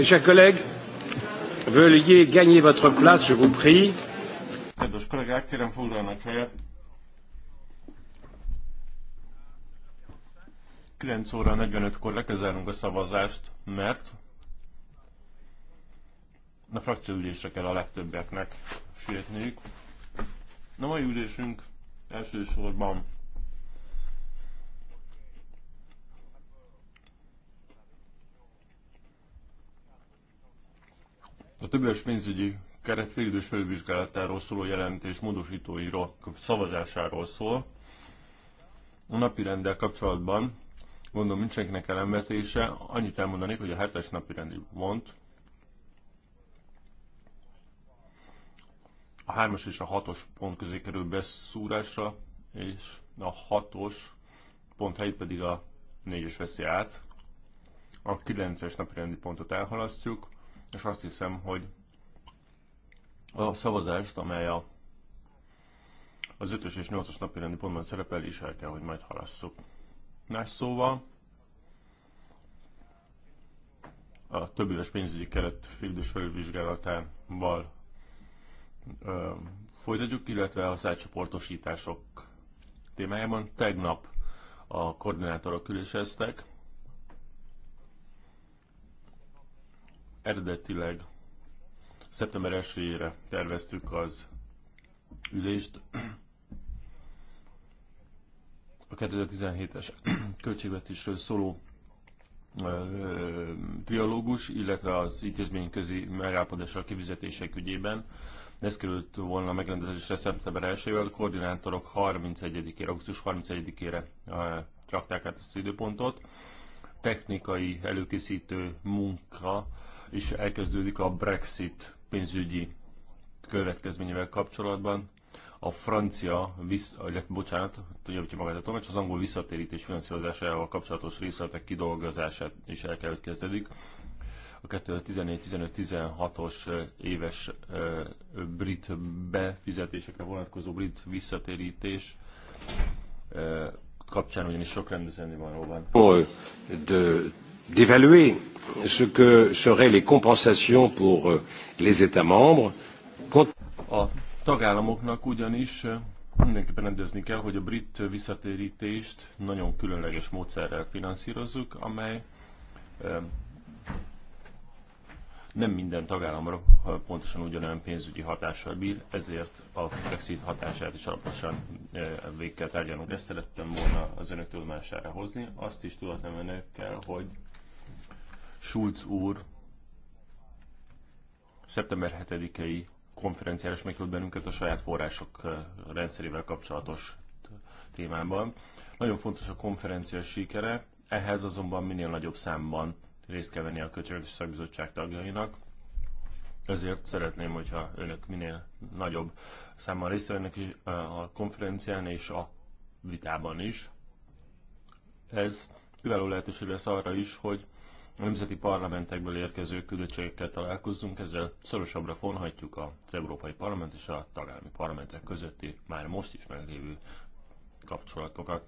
Mes chers collègues, veuillez gagner votre place, je vous prie. Kedves kollégák, kérem foglalnak helyet. 9 óra 45-kor lekezelünk a szavazást, mert a frakcióülésre kell a legtöbbeknek sietniük. Na mai ülésünk elsősorban A többes pénzügyi keret félidős felülvizsgálatáról szóló jelentés módosítóiról szavazásáról szól. A napi rendel kapcsolatban gondolom nincsenkinek elemvetése. Annyit elmondanék, hogy a hetes napi rendi pont a hármas és a hatos pont közé kerül beszúrásra, és a hatos pont helyét pedig a négyes veszi át. A kilences napi rendi pontot elhalasztjuk, és azt hiszem, hogy a szavazást, amely a, az 5 és 8-as napirendi pontban szerepel, is el kell, hogy majd halasszuk. Más szóval, a több éves pénzügyi keret félidős felülvizsgálatával ö, folytatjuk, illetve a szájcsoportosítások témájában. Tegnap a koordinátorok üléseztek, Eredetileg szeptember 1 terveztük az ülést. A 2017-es költségvetésről szóló trialógus, illetve az intézményközi megállapodásra kivizetések ügyében. Ez került volna megrendezésre szeptember 1 a koordinátorok 31-ére, augusztus 31-ére rakták át ezt az időpontot. Technikai előkészítő munka is elkezdődik a Brexit pénzügyi következményével kapcsolatban. A francia, illetve hát bocsánat, hogy magát a tanács, az angol visszatérítés finanszírozásával kapcsolatos részletek kidolgozását is el kell, hogy kezdődik. A 2014-15-16-os éves brit befizetésekre vonatkozó brit visszatérítés kapcsán ugyanis sok rendezvény van róla d'évaluer ce que seraient les compensations pour euh, les États membres. A tagállamoknak ugyanis euh, mindenképpen rendezni kell, hogy a brit visszatérítést nagyon különleges módszerrel finanszírozzuk, amely nem minden tagállamra pontosan ugyanolyan pénzügyi hatással bír, ezért a Brexit hatását is alaposan végig kell tárgyalnunk. Ezt szerettem volna az önök tudomására hozni. Azt is tudatnám önökkel, hogy Schulz úr szeptember 7-i konferenciára is meghívott bennünket a saját források eh, rendszerével kapcsolatos témában. Nagyon fontos a konferencia sikere, ehhez azonban minél nagyobb számban részt kell venni a Költségvetési Szakbizottság tagjainak. Ezért szeretném, hogyha önök minél nagyobb számmal részt vennek eh, a konferencián és a vitában is. Ez kiváló lehetőség lesz arra is, hogy a nemzeti parlamentekből érkező küldöttségekkel találkozzunk, ezzel szorosabbra fonhatjuk az Európai Parlament és a tagállami parlamentek közötti már most is meglévő kapcsolatokat.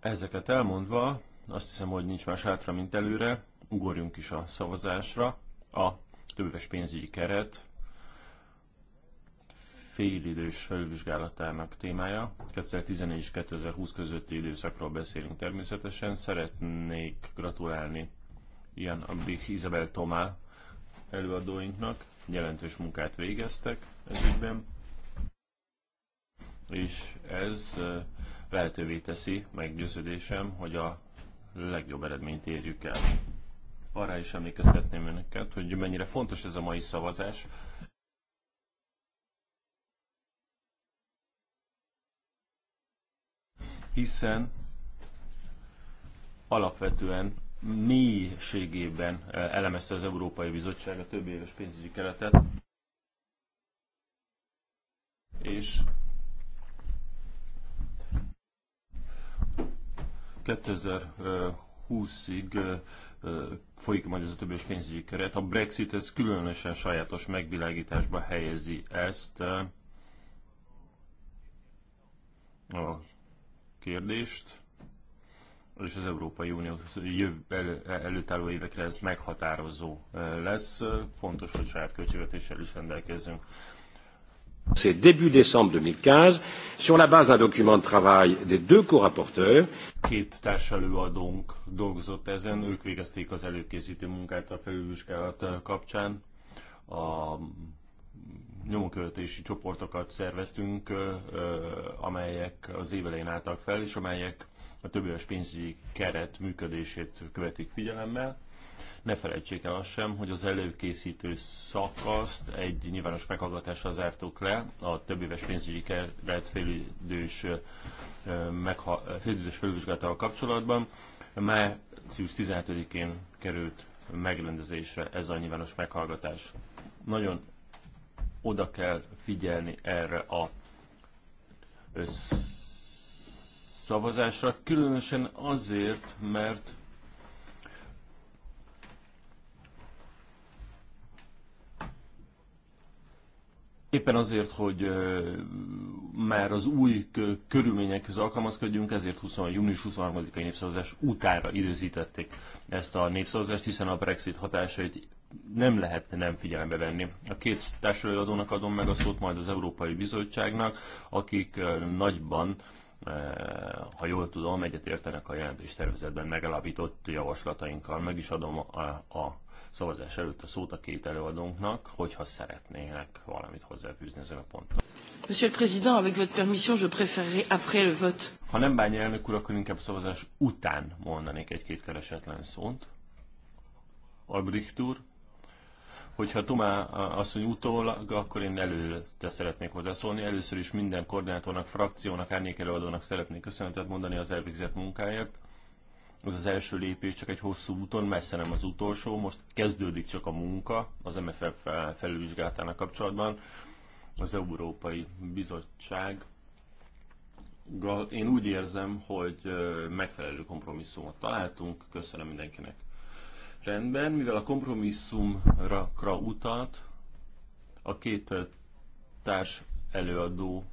Ezeket elmondva, azt hiszem, hogy nincs más hátra, mint előre, ugorjunk is a szavazásra. A többes pénzügyi keret félidős felvizsgálatának témája. 2014 és 2020 közötti időszakról beszélünk természetesen. Szeretnék gratulálni ilyen Abbik Izabel Tomá előadóinknak. Jelentős munkát végeztek ez ügyben. És ez lehetővé teszi, meggyőződésem, hogy a legjobb eredményt érjük el. Arra is emlékeztetném önöket, hogy mennyire fontos ez a mai szavazás, hiszen alapvetően mélységében eh, elemezte az Európai Bizottság a több éves pénzügyi keretet, és 2020-ig eh, eh, folyik majd ez a többes pénzügyi keret. A Brexit ez különösen sajátos megvilágításba helyezi ezt a kérdést, és az Európai Unió jövő elő, előtálló évekre ez meghatározó lesz. Fontos, hogy saját költségvetéssel is rendelkezünk. C'est début décembre 2015, sur la base d'un document de travail des deux co-rapporteurs. Két társelőadónk dolgozott ezen, ők végezték az előkészítő munkát a felülvizsgálat kapcsán. A nyomonkövetési csoportokat szerveztünk, amelyek az évelején álltak fel, és amelyek a többéves pénzügyi keret működését követik figyelemmel. Ne felejtsék el azt sem, hogy az előkészítő szakaszt egy nyilvános meghallgatással zártuk le, a többéves pénzügyi keret félidős, félidős felvizsgálatával kapcsolatban. Március 17-én került megrendezésre ez a nyilvános meghallgatás. Nagyon oda kell figyelni erre a szavazásra, különösen azért, mert Éppen azért, hogy már az új körülményekhez alkalmazkodjunk, ezért 20, június 23-ai népszavazás utára időzítették ezt a népszavazást, hiszen a Brexit hatásait nem lehetne nem figyelembe venni. A két társadalmi adom meg a szót, majd az Európai Bizottságnak, akik nagyban ha jól tudom, egyetértenek a jelentés tervezetben megalapított javaslatainkkal. Meg is adom a, a szavazás előtt a szót a két előadónknak, hogyha szeretnének valamit hozzáfűzni ezen a ponton. Monsieur le Président, avec votre permission, je préférerais après le vote. Ha nem bánja elnök úr, akkor inkább szavazás után mondanék egy-két keresetlen szót. Albrecht úr, Hogyha Tumá asszony utólag, akkor én előtte szeretnék hozzászólni. Először is minden koordinátornak, frakciónak, árnyékelőadónak szeretnék köszönetet mondani az elvégzett munkáért. Ez az első lépés csak egy hosszú úton, messze nem az utolsó. Most kezdődik csak a munka az MFF felülvizsgálatának kapcsolatban. Az Európai Bizottság én úgy érzem, hogy megfelelő kompromisszumot találtunk. Köszönöm mindenkinek Rendben, mivel a kompromisszumra utalt, a két társ előadó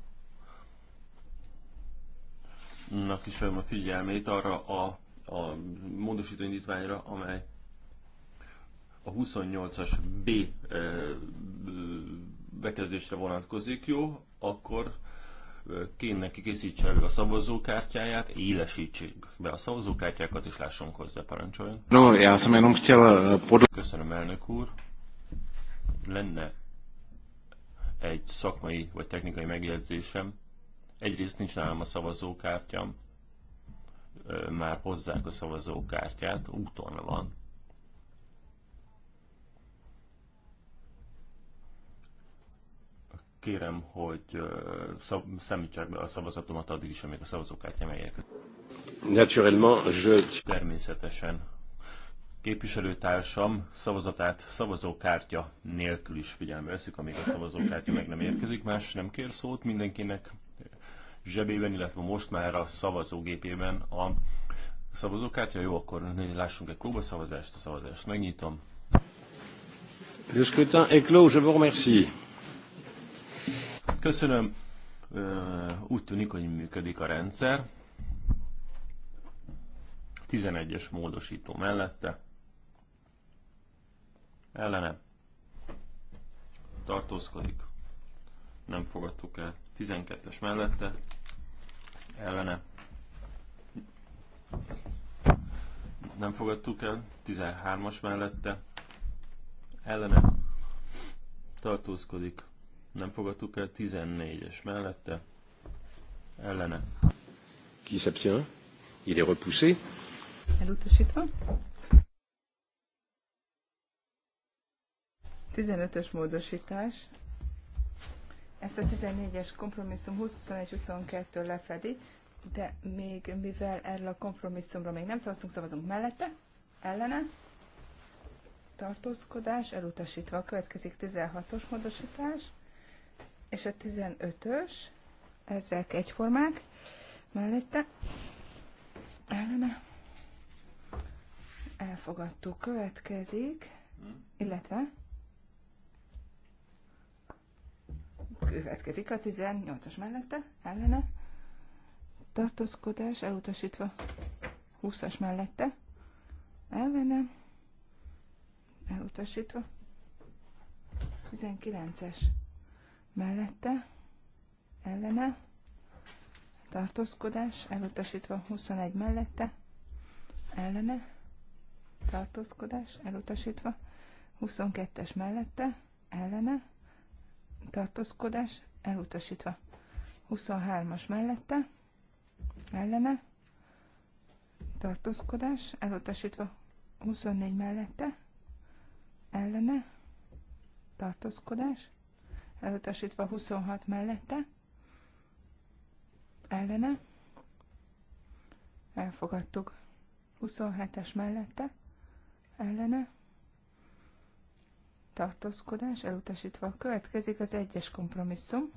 nak is felhívom a figyelmét arra a, a módosító indítványra, amely a 28-as B bekezdésre vonatkozik, jó, akkor mindenki készítse elő a szavazókártyáját, élesítsék be a szavazókártyákat, és lássunk hozzá, parancsoljon. No, já jsem jenom chtěl eh, podle... Köszönöm, elnök úr. Lenne egy szakmai vagy technikai megjegyzésem. Egyrészt nincs nálam a szavazókártyám, eh, már hozzák a szavazókártyát, úton van. kérem, hogy szemítsák be a szavazatomat addig is, amíg a szavazókártyám elérkezik. Naturellement, je... Természetesen. Képviselőtársam szavazatát szavazókártya nélkül is figyelembe veszük, amíg a szavazókártya meg nem érkezik. Más nem kér szót mindenkinek zsebében, illetve most már a szavazógépében a szavazókártya. Jó, akkor lássunk egy próbaszavazást, a szavazást megnyitom. Le scrutin est clos, je vous remercie. Köszönöm. Úgy tűnik, hogy működik a rendszer. 11-es módosító mellette. Ellene. Tartózkodik. Nem fogadtuk el. 12-es mellette. Ellene. Nem fogadtuk el. 13-as mellette. Ellene. Tartózkodik nem fogadtuk el, 14-es mellette, ellene. Ki s'abstient? Il est repoussé. Elutasítva. 15-ös módosítás. Ezt a 14-es kompromisszum 20-21-22 lefedi, de még mivel erről a kompromisszumra még nem szavaztunk, szavazunk mellette, ellene, tartózkodás, elutasítva. Következik 16-os módosítás és a 15-ös, ezek egyformák, mellette, ellene, elfogadtuk, következik, illetve, következik a 18-as mellette, ellene, tartózkodás elutasítva, 20-as mellette, ellene, elutasítva, 19-es mellette, ellene, tartózkodás, elutasítva 21 mellette, ellene, tartózkodás, elutasítva 22-es mellette, ellene, tartózkodás, elutasítva 23-as mellette, ellene, tartózkodás, elutasítva 24 mellette, ellene, tartózkodás, elutasítva 26 mellette, ellene, elfogadtuk 27-es mellette, ellene, tartózkodás elutasítva. Következik az egyes kompromisszum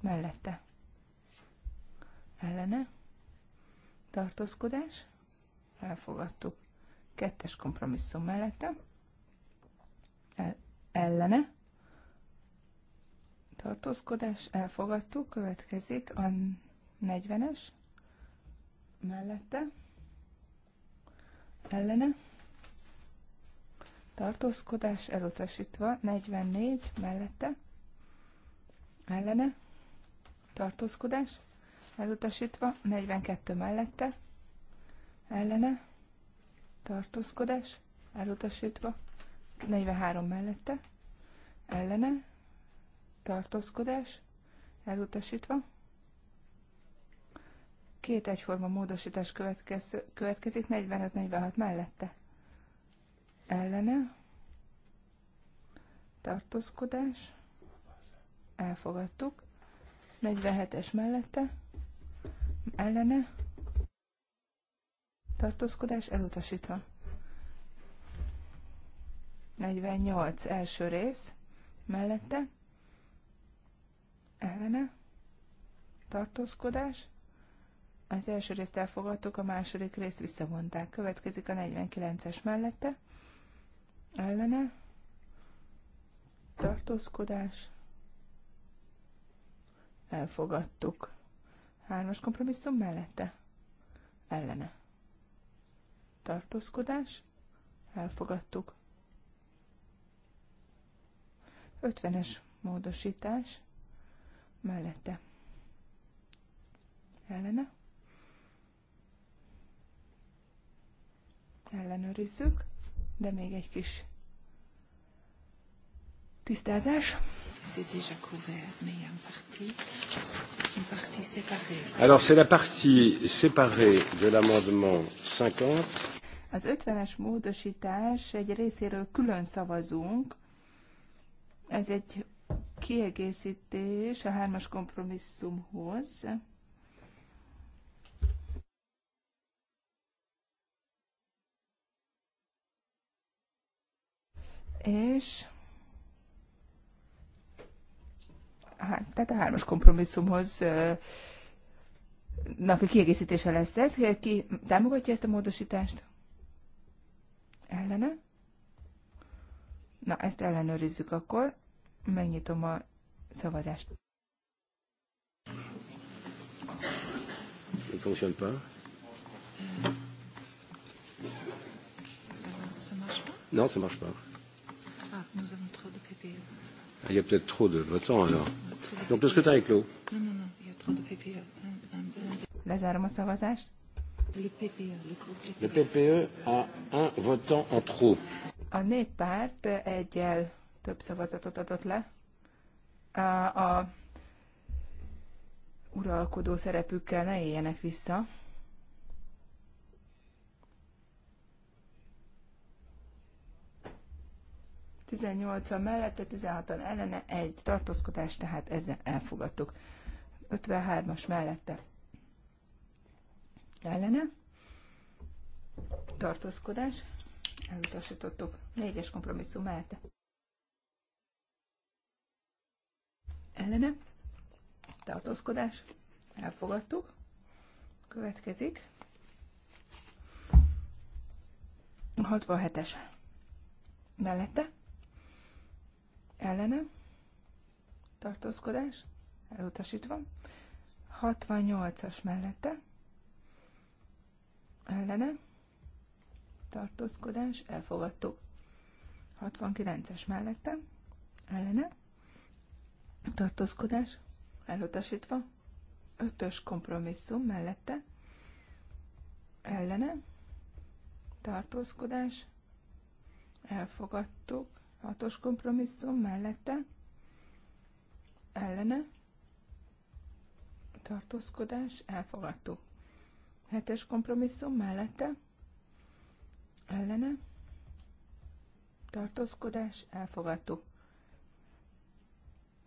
mellette. Ellene. Tartózkodás. Elfogadtuk. Kettes kompromisszum mellette. El, ellene tartózkodás, elfogadtuk, következik a 40-es, mellette, ellene, tartózkodás, elutasítva, 44, mellette, ellene, tartózkodás, elutasítva, 42 mellette, ellene, tartózkodás, elutasítva, 43 mellette, ellene, tartózkodás, elutasítva. Két egyforma módosítás következ, következik, 45-46 mellette. Ellene, tartózkodás, elfogadtuk. 47-es mellette, ellene, tartózkodás, elutasítva. 48 első rész, mellette, kellene, tartózkodás. Az első részt elfogadtuk, a második részt visszavonták. Következik a 49-es mellette, ellene, tartózkodás. Elfogadtuk. Hármas kompromisszum mellette, ellene, tartózkodás. Elfogadtuk. 50-es módosítás mellette. Ellene. Ellenőrizzük, de még egy kis tisztázás. a Alors c'est la partie séparée de l'amendement 50. Az 50-es módosítás egy részéről külön szavazunk. Ez egy kiegészítés a hármas kompromisszumhoz. És tehát a hármas kompromisszumhoz a kiegészítése lesz ez. Ki támogatja ezt a módosítást? Ellene? Na, ezt ellenőrizzük akkor. Megnyitom a szavazást. Ne fonctionne pas. Ça marche pas Non, ça marche pas. Ah, nous avons trop de PPE. Ah, il y a peut-être trop de votants alors. Donc le scrutin est clos. Non, non, non, il y a trop de PPE. Un, un... Lezárom a szavazást. Le PPE, le groupe PPE. Le PPE a un votant en trop. A néppárt egyel több szavazatot adott le. A, a uralkodó szerepükkel ne éljenek vissza. a mellette, 16-an ellene, egy tartózkodás, tehát ezzel elfogadtuk. 53-as mellette ellene, tartózkodás, elutasítottuk, négyes kompromisszum mellette ellene, tartózkodás, elfogadtuk. Következik. 67-es mellette, ellene, tartózkodás, elutasítva. 68-as mellette, ellene, tartózkodás, elfogadtuk. 69-es mellette, ellene, tartózkodás, elutasítva, ötös kompromisszum mellette, ellene, tartózkodás, elfogadtuk, hatos kompromisszum mellette, ellene, tartózkodás, elfogadtuk. Hetes kompromisszum mellette, ellene, tartózkodás, elfogadtuk.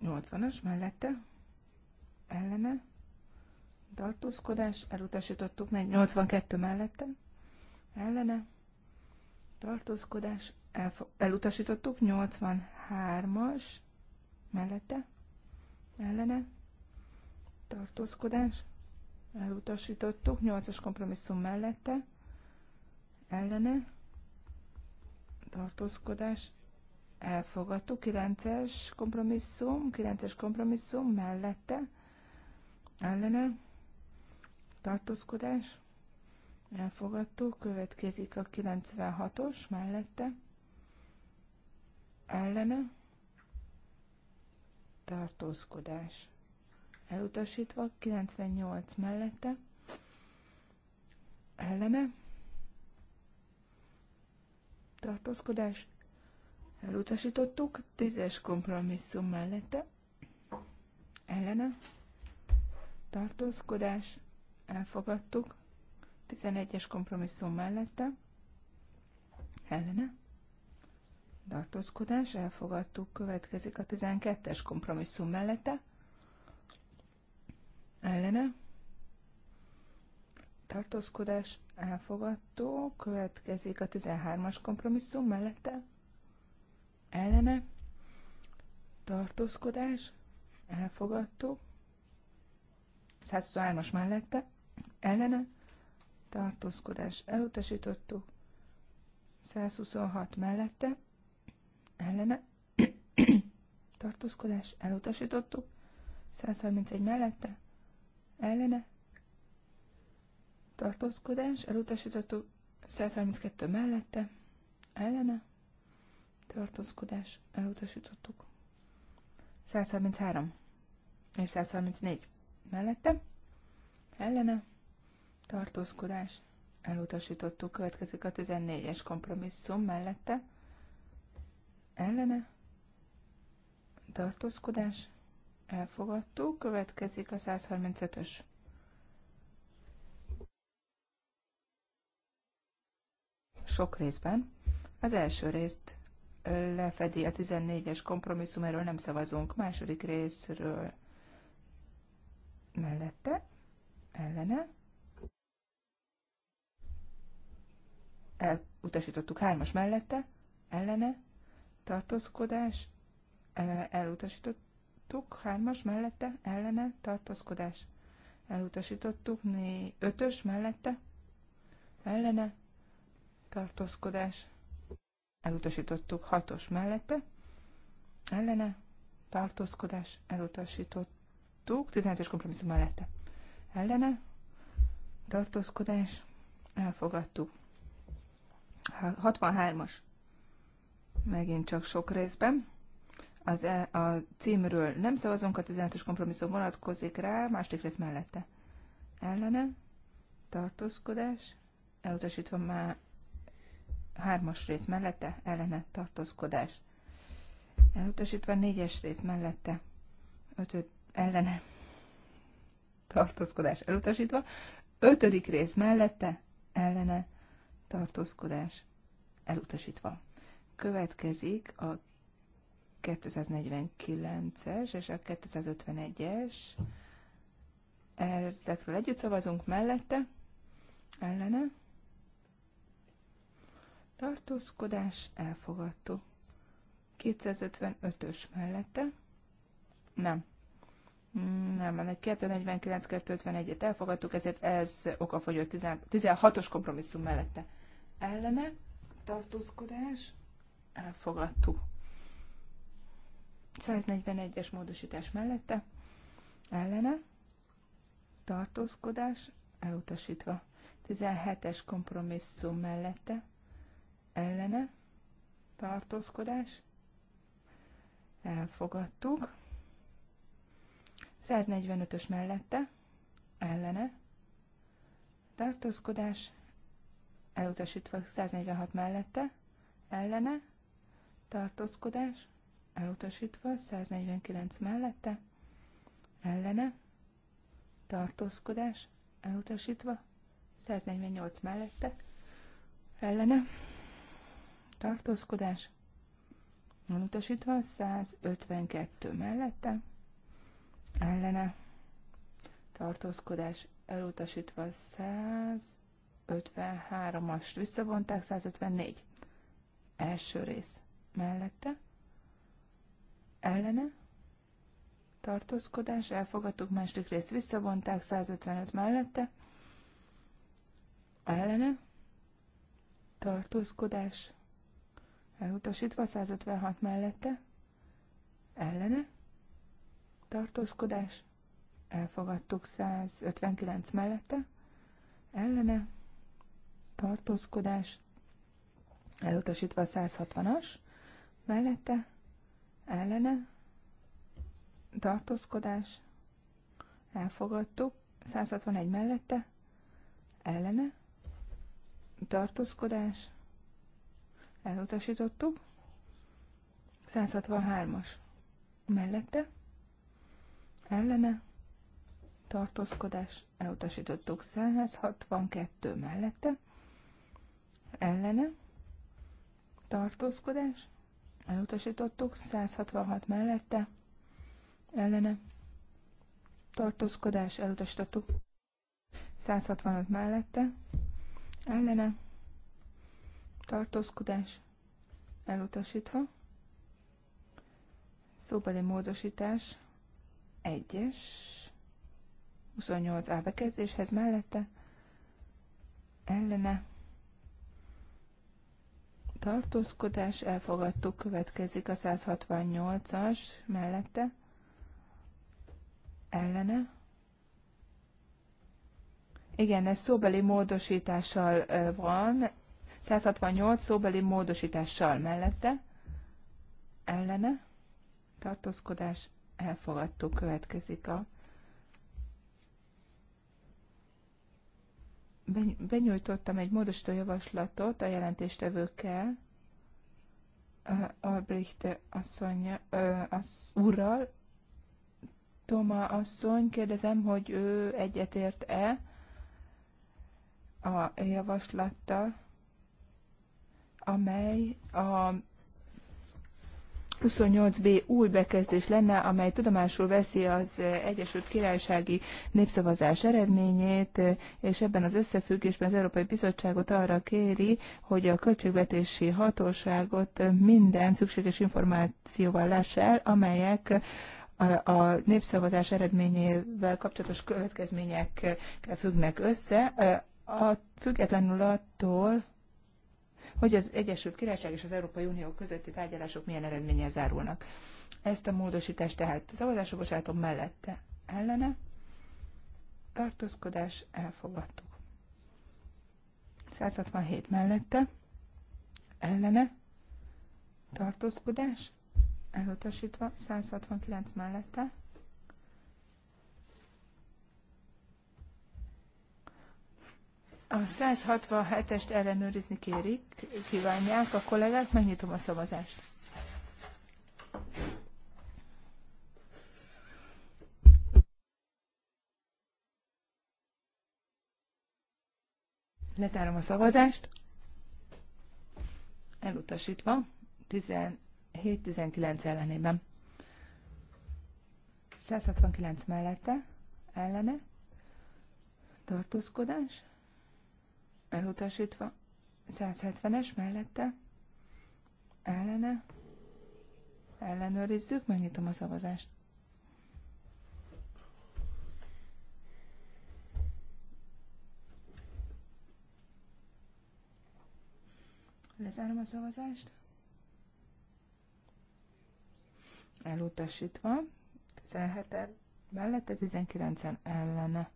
80-as mellette, ellene, tartózkodás, elutasítottuk, 82 mellette, ellene, tartózkodás, elutasítottuk, 83-as mellette, ellene, tartózkodás, elutasítottuk, 8-as kompromisszum mellette, ellene, tartózkodás, elfogadtuk, 9-es kompromisszum, 9-es kompromisszum mellette, ellene, tartózkodás, elfogadtuk, következik a 96-os mellette, ellene, tartózkodás, elutasítva, 98 mellette, ellene, tartózkodás, elutasítottuk, tízes kompromisszum mellette, ellene, tartózkodás, elfogadtuk, tizenegyes kompromisszum mellette, ellene, tartózkodás, elfogadtuk, következik a tizenkettes kompromisszum mellette, ellene, tartózkodás, elfogadtuk, következik a 13-as kompromisszum mellette, ellene, tartózkodás, elfogadtuk, 123-as mellette, ellene, tartózkodás, elutasítottuk, 126 mellette, ellene, tartózkodás, elutasítottuk, 131 mellette, ellene, tartózkodás, elutasítottuk, 132 mellette, ellene, tartózkodás elutasítottuk. 133 és 134 mellette, ellene, tartózkodás elutasítottuk. Következik a 14-es kompromisszum mellette, ellene, tartózkodás elfogadtuk. Következik a 135-ös. Sok részben. Az első részt lefedi a 14-es kompromisszum, erről nem szavazunk. Második részről mellette, ellene. Elutasítottuk hármas mellette, ellene, tartózkodás, e, elutasítottuk hármas mellette, ellene, tartózkodás, elutasítottuk né, ötös mellette, ellene, tartózkodás, elutasítottuk hatos mellette, ellene, tartózkodás, elutasítottuk 15-ös kompromisszum mellette, ellene, tartózkodás, elfogadtuk. 63-as, megint csak sok részben. Az, e, a címről nem szavazunk, a 15-ös kompromisszum vonatkozik rá, második rész mellette. Ellene, tartózkodás, elutasítva már hármas rész mellette ellene tartózkodás. Elutasítva négyes rész mellette ötöd ellene tartózkodás. Elutasítva ötödik rész mellette ellene tartózkodás. Elutasítva. Következik a 249-es és a 251-es. Ezekről együtt szavazunk mellette, ellene tartózkodás, elfogadtuk. 255-ös mellette, nem, nem, ennek 249-251-et elfogadtuk, ezért ez okafogyott 16-os kompromisszum mellette. Ellene, tartózkodás, elfogadtuk. 141-es módosítás mellette, ellene, tartózkodás, elutasítva. 17-es kompromisszum mellette, ellene tartózkodás. Elfogadtuk. 145-ös mellette ellene tartózkodás. Elutasítva 146 mellette ellene tartózkodás. Elutasítva 149 mellette ellene tartózkodás. Elutasítva 148 mellette ellene tartózkodás, utasítva 152 mellette, ellene, tartózkodás, elutasítva 153-ast visszavonták, 154 első rész mellette, ellene, tartózkodás, elfogadtuk, második részt visszavonták, 155 mellette, ellene, tartózkodás, elutasítva, 156 mellette, ellene, tartózkodás, elfogadtuk 159 mellette, ellene, tartózkodás, elutasítva 160-as, mellette, ellene, tartózkodás, elfogadtuk, 161 mellette, ellene, tartózkodás, elutasítottuk. 163-as mellette, ellene, tartózkodás, elutasítottuk 162 mellette, ellene, tartózkodás, elutasítottuk 166 mellette, ellene, tartózkodás, elutasítottuk 165 mellette, ellene, tartózkodás elutasítva, szóbeli módosítás, 1-es, 28 A bekezdéshez mellette, ellene, tartózkodás, elfogadtuk, következik a 168-as mellette, ellene, igen, ez szóbeli módosítással van, 168 szóbeli módosítással mellette, ellene, tartózkodás, elfogadtó következik a benyújtottam egy módosító javaslatot a jelentéstevőkkel, Albrecht asszony, az úrral, Toma asszony, kérdezem, hogy ő egyetért-e a javaslattal amely a 28b új bekezdés lenne, amely tudomásul veszi az Egyesült Királysági népszavazás eredményét, és ebben az összefüggésben az Európai Bizottságot arra kéri, hogy a költségvetési hatóságot minden szükséges információval lássa el, amelyek a népszavazás eredményével kapcsolatos következményekkel függnek össze, a, függetlenül attól, hogy az Egyesült Királyság és az Európai Unió közötti tárgyalások milyen eredménye zárulnak. Ezt a módosítást tehát szavazásra bocsátom mellette ellene. Tartózkodás elfogadtuk. 167 mellette ellene. Tartózkodás elutasítva 169 mellette A 167-est ellenőrizni kérik, kívánják a kollégák, megnyitom a szavazást. Lezárom a szavazást. Elutasítva. 17-19 ellenében. 169 mellette, ellene, tartózkodás, elutasítva. 170-es mellette, ellene, ellenőrizzük, megnyitom a szavazást. Lezárom a szavazást. Elutasítva. 17-en mellette, 19-en ellene.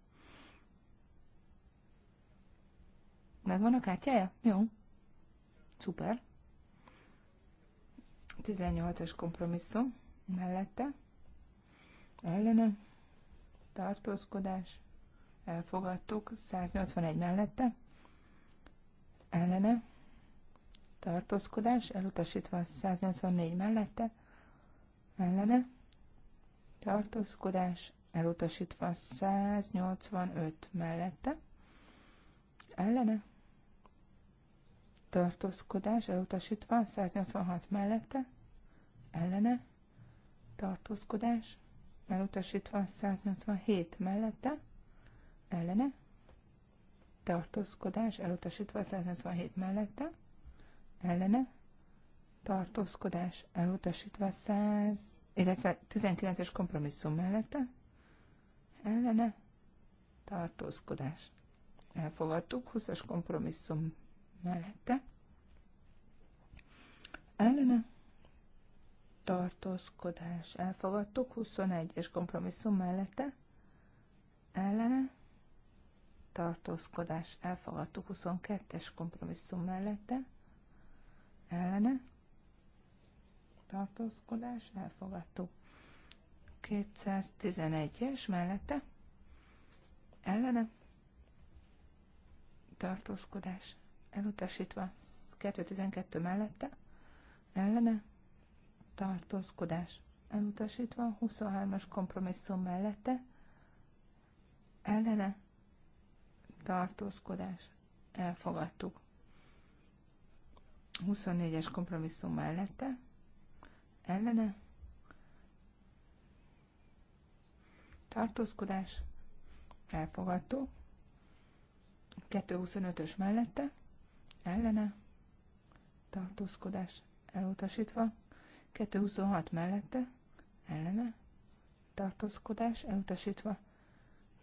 Megvan a kártyája? Jó. Szuper. 18-as kompromisszum mellette. Ellene. Tartózkodás. Elfogadtuk. 181 mellette. Ellene. Tartózkodás. Elutasítva 184 mellette. Ellene. Tartózkodás. Elutasítva 185 mellette. Ellene tartózkodás elutasítva, 186 mellette, ellene, tartózkodás elutasítva, 187 mellette, ellene, tartózkodás elutasítva, 187 mellette, ellene, tartózkodás elutasítva, 100, illetve 19-es kompromisszum mellette, ellene, tartózkodás. Elfogadtuk, 20-as kompromisszum mellette, ellene, tartózkodás elfogadtuk, 21-es kompromisszum mellette, ellene, tartózkodás elfogadtuk, 22-es kompromisszum mellette, ellene, tartózkodás elfogadtuk, 211-es mellette, ellene, tartózkodás elutasítva 212 mellette, ellene, tartózkodás elutasítva, 23-as kompromisszum mellette, ellene, tartózkodás elfogadtuk. 24-es kompromisszum mellette, ellene, tartózkodás elfogadtuk, 225-ös mellette, ellene, tartózkodás elutasítva, 226 mellette, ellene, tartózkodás elutasítva,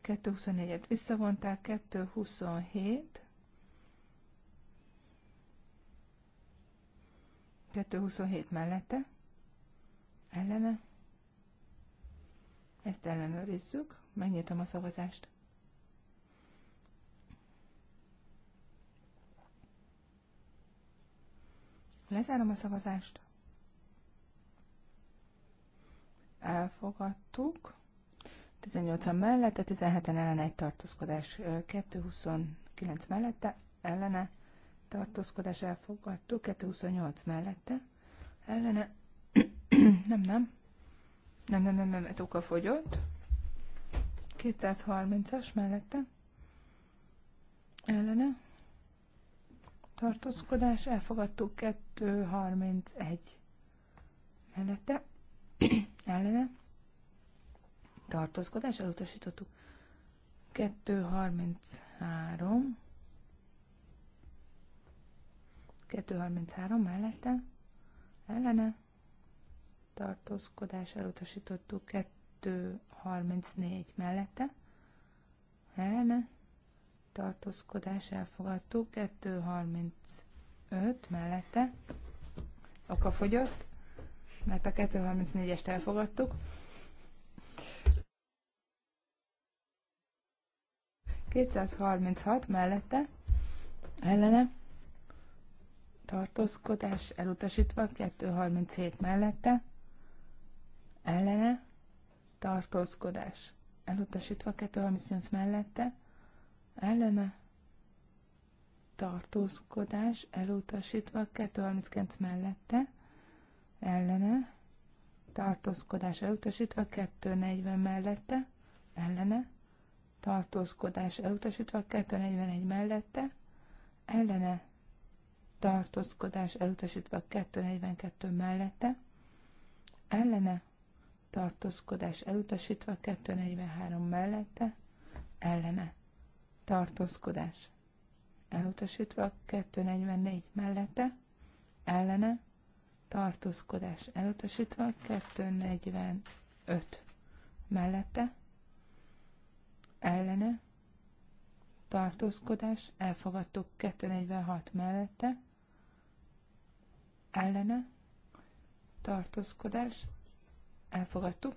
224-et visszavonták, 227, 227 mellette, ellene, ezt ellenőrizzük, megnyitom a szavazást. Lezárom a szavazást. Elfogadtuk. 18-an mellette, 17-en ellene egy tartózkodás, 229 mellette, ellene tartózkodás elfogadtuk, 228 mellette, ellene, nem, nem, nem, nem, nem, nem, ez oka fogyott, 230-as mellette, ellene, tartózkodás, elfogadtuk 231 mellette, ellene, tartózkodás, elutasítottuk 233, 233 mellette, ellene, tartózkodás, elutasítottuk 234 mellette, ellene, tartózkodás elfogadtó, 235 mellette okafogyott, mert a 234-est elfogadtuk. 236 mellette ellene tartózkodás elutasítva, 237 mellette ellene tartózkodás elutasítva, 238 mellette ellene tartózkodás elutasítva 239 mellette ellene tartózkodás elutasítva 240 mellette ellene tartózkodás elutasítva 241 mellette ellene tartózkodás elutasítva 242 mellette ellene tartózkodás elutasítva 243 mellette ellene tartózkodás elutasítva, 244 mellette, ellene, tartózkodás elutasítva, 245 mellette, ellene, tartózkodás, elfogadtuk 246 mellette, ellene, tartózkodás, elfogadtuk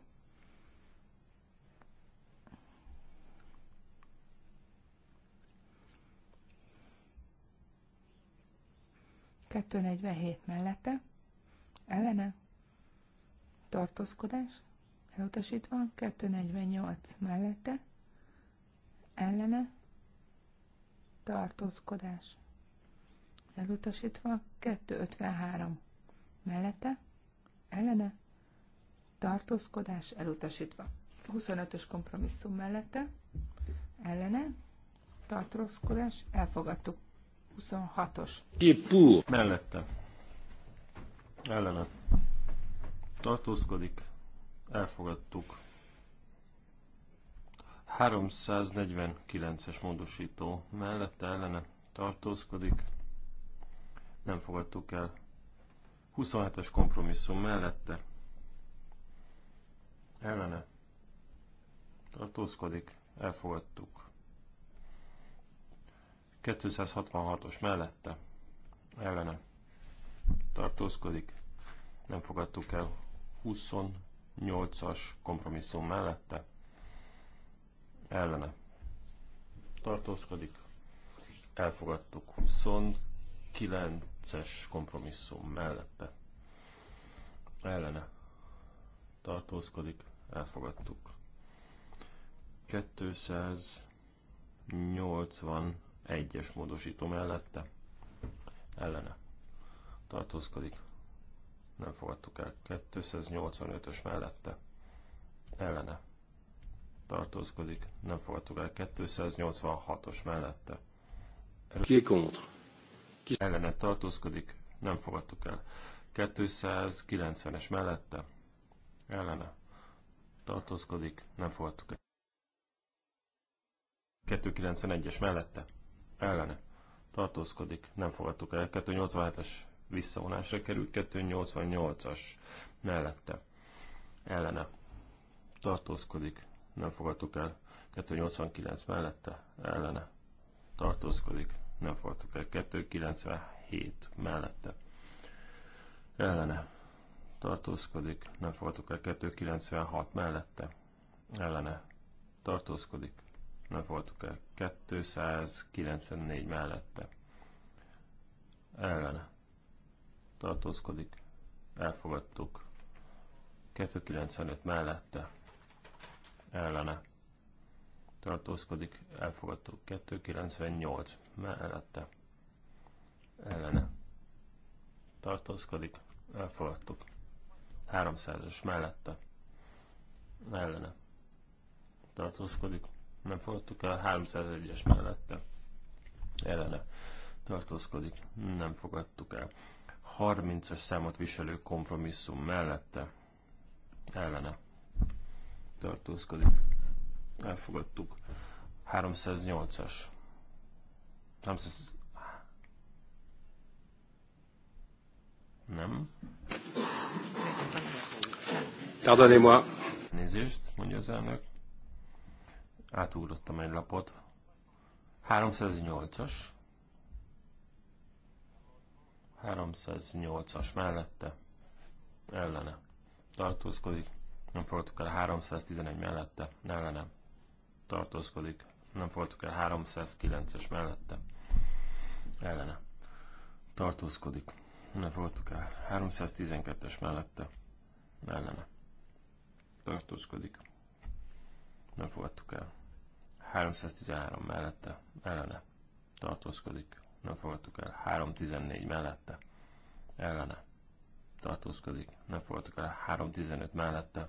247 mellette, ellene, tartózkodás, elutasítva, 248 mellette, ellene, tartózkodás, elutasítva, 253 mellette, ellene, tartózkodás, elutasítva, 25-ös kompromisszum mellette, ellene, tartózkodás, elfogadtuk. 26-os. Kipú. Mellette. Ellene. Tartózkodik. Elfogadtuk. 349-es módosító. Mellette ellene. Tartózkodik. Nem fogadtuk el. 27-es kompromisszum mellette. Ellene. Tartózkodik. Elfogadtuk. 266-os mellette ellene tartózkodik, nem fogadtuk el 28-as kompromisszum mellette ellene tartózkodik, elfogadtuk 29-es kompromisszum mellette ellene tartózkodik, elfogadtuk 280 egyes módosító mellette ellene tartózkodik. Nem fogadtuk el. 285-ös mellette ellene tartózkodik. Nem fogadtuk el. 286-os mellette. Ellene tartózkodik. Nem fogadtuk el. 290-es mellette ellene tartózkodik. Nem fogadtuk el. 291-es mellette ellene tartózkodik, nem fogadtuk el. 287-es visszavonásra került, 288-as mellette ellene tartózkodik, nem fogadtuk el. 289 mellette ellene tartózkodik, nem fogadtuk el. 297 mellette ellene tartózkodik, nem fogadtuk el. 296 mellette ellene tartózkodik, nem voltuk el. 294 mellette. Ellene. Tartózkodik. Elfogadtuk. 295 mellette. Ellene. Tartózkodik. Elfogadtuk. 298 mellette. Ellene. Tartózkodik. Elfogadtuk. 300-as mellette. Ellene. Tartózkodik nem fogadtuk el, 301-es mellette ellene tartózkodik, nem fogadtuk el. 30-as számot viselő kompromisszum mellette ellene tartózkodik, elfogadtuk. 308-as. 300... Nem. Pardonnez-moi. Nézést, mondja az elnök átugrottam egy lapot. 308-as. 308-as mellette. Ellene. Tartózkodik. Nem fogadtuk el 311 mellette. Ellene. Tartózkodik. Nem fogadtuk el 309-es mellette. Ellene. Tartózkodik. Nem fogadtuk el 312-es mellette. Ellene. Tartózkodik. Nem fogadtuk el. 313 mellette, ellene tartózkodik, nem fogadtuk el. 314 mellette, ellene tartózkodik, nem fogadtuk el. 315 mellette,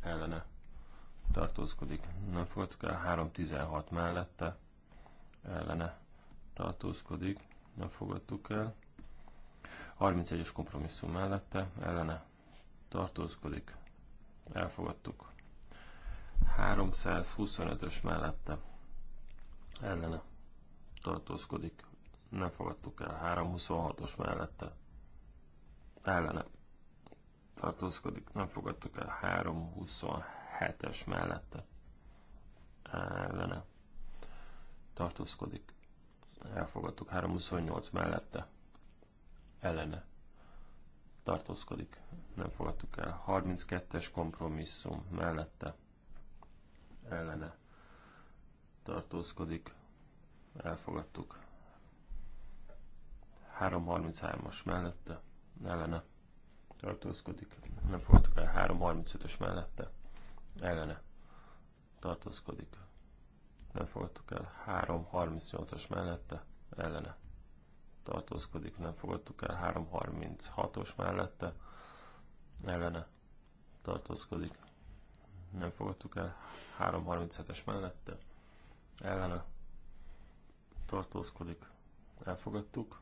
ellene tartózkodik, nem fogadtuk el. 316 mellette, ellene tartózkodik, nem fogadtuk el. 31-es kompromisszum mellette, ellene tartózkodik, elfogadtuk. 325-ös mellette ellene tartózkodik. Nem fogadtuk el. 326-os mellette ellene tartózkodik. Nem fogadtuk el. 327-es mellette ellene tartózkodik. Elfogadtuk 328 mellette. Ellene tartózkodik. Nem fogadtuk el. 32-es kompromisszum mellette ellene tartózkodik, elfogadtuk. 333-as mellette, ellene tartózkodik, nem fogadtuk el 335-ös mellette, ellene tartózkodik, nem fogadtuk el 338-as mellette, ellene tartózkodik, nem fogadtuk el 336-os mellette, ellene tartózkodik, nem fogadtuk el. 3.37-es mellette ellene tartózkodik, elfogadtuk.